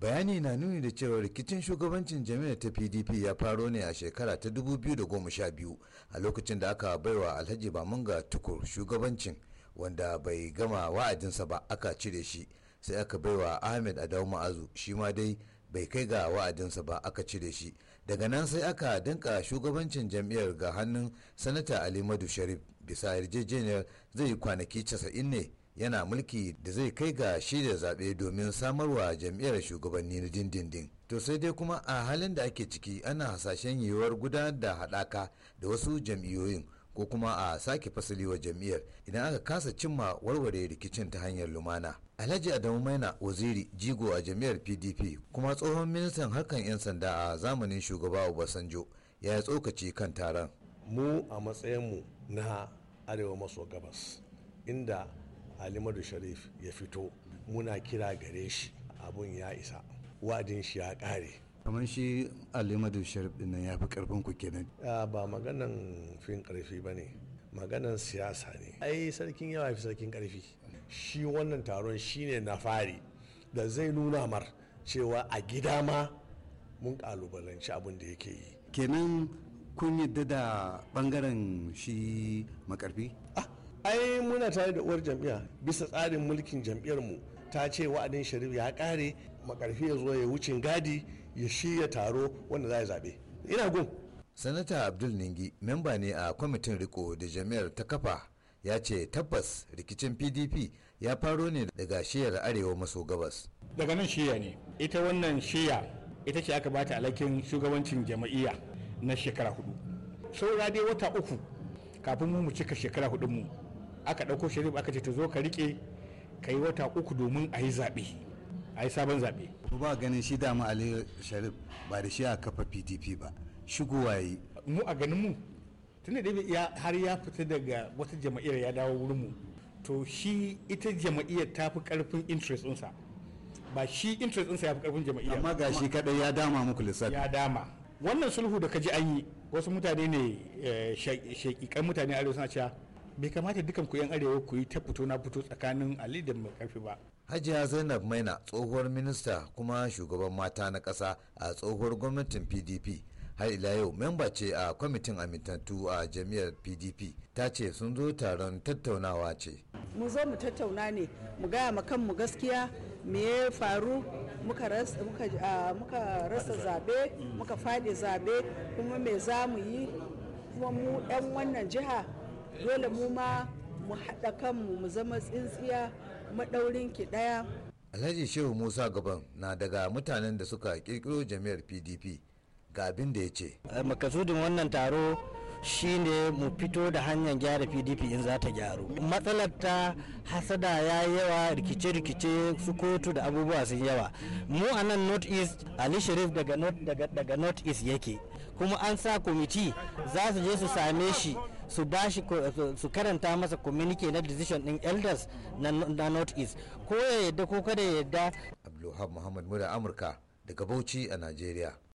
bayani na nuni da cewa rikicin shugabancin jami'ar ta pdp ya faro ne a shekara ta 2012 a lokacin da aka baiwa alhaji ga tukur shugabancin wanda bai gama wa'adinsa ba aka cire shi sai aka baiwa ahmed adamu ma'azu shi ma dai bai kai ga wa'adinsa ba aka cire shi daga nan sai aka danka shugabancin jam'iyyar ga hannun sanata ali madu sharif bisa yarjejeniyar zai yi kwanaki 90 ne yana mulki da zai kai ga shi zaɓe domin samarwa jam'iyyar shugabanni na dindindin to sai dai kuma a halin da ake ciki ana hasashen yiwuwar gudanar da haɗaka da wasu jam'iyyoyin ko kuma a sake fasali wa jam'iyyar idan aka kasa cimma warware rikicin ta hanyar lumana alhaji adamu maina waziri jigo a jam'iyyar pdp kuma tsohon ministan harkan 'yan sanda a zamanin shugaba obasanjo ya yi tsokaci kan taron mu a matsayin mu na arewa maso gabas inda alimadu sharif ya fito muna kira gare shi abun ya isa wadin shi ya kare kamar shi alimadu sharif din nan ya fi karfin ku kenan ba maganan fin karfi ba ne maganan siyasa ne ai sarkin yawa fi sarkin karfi shi wannan taron shi ne na fari da zai nuna mar cewa a gida ma mun kalubalanci abin da yake yi kenan kun yadda da bangaren shi makarfi ah ai muna tare da uwar jam'iyya bisa tsarin mulkin mu ta ce wa'adin sharif ya kare makarfi ya zo ya wucin gadi ya shirya taro wanda za a zaɓe ina gun sanata abdul ningi memba ne a kwamitin riko da jami'ar ta kafa ya ce tabbas rikicin pdp ya faro ne daga shiyar arewa maso gabas daga nan shiya ne ita wannan shiya ita ce aka bata alhakin shugabancin jama'iyya na shekara hudu Sau dai wata uku kafin mu mu cika shekara hudun mu aka dauko sharif aka ce ta zo ka rike ka yi wata uku domin a yi zaɓe a yi sabon zaɓe. to ba ganin shi dama ali sharif ba da shi a kafa pdp ba shigowa yi. mu a ganin mu tun da har ya fita daga wata jama'iyyar ya dawo wurin mu to shi ita jama'iyyar ta fi karfin interest ɗinsa ba shi interest ɗinsa ya fi karfin jama'iyyar. amma ga shi kaɗai ya dama muku lissafi. ya dama wannan sulhu da ka ji an yi wasu mutane ne eh, shakikan mutane arewa suna cewa bai kamata dukan ku yan arewa ku yi ta fito na fito tsakanin ali da mai karfi ba hajiya zainab maina tsohuwar minista kuma shugaban mata na ƙasa a tsohuwar gwamnatin pdp har ila yau memba ce a kwamitin amintattu a jami'ar pdp ta ce sun zo taron tattaunawa ce mu zo mu tattauna ne mu gaya ma kanmu gaskiya me ya faru Ah, muka rasa zabe muka fadi zabe kuma me za mu yi kuma mu 'yan wannan jiha dole mu ma mu haɗa kanmu mu zama tsintsiya maɗaurin ki ɗaya alhaji shehu musa gaban na daga mutanen da suka kirkiro jami'ar pdp ga abin da ya ce makasudin wannan taro shine mu fito da hanyar gyara pdp in za ta gyaru matsalar ta hasada ya yawa rikice-rikice su kotu da abubuwa sun yawa mu a nan north east ali sharif daga north east yake kuma an sa kwamiti za su je su same shi su bashi su karanta masa communique na decision din elders na north east ko ya yadda ko kada ya yadda abdulhab muhammad mura amurka daga bauchi a nigeria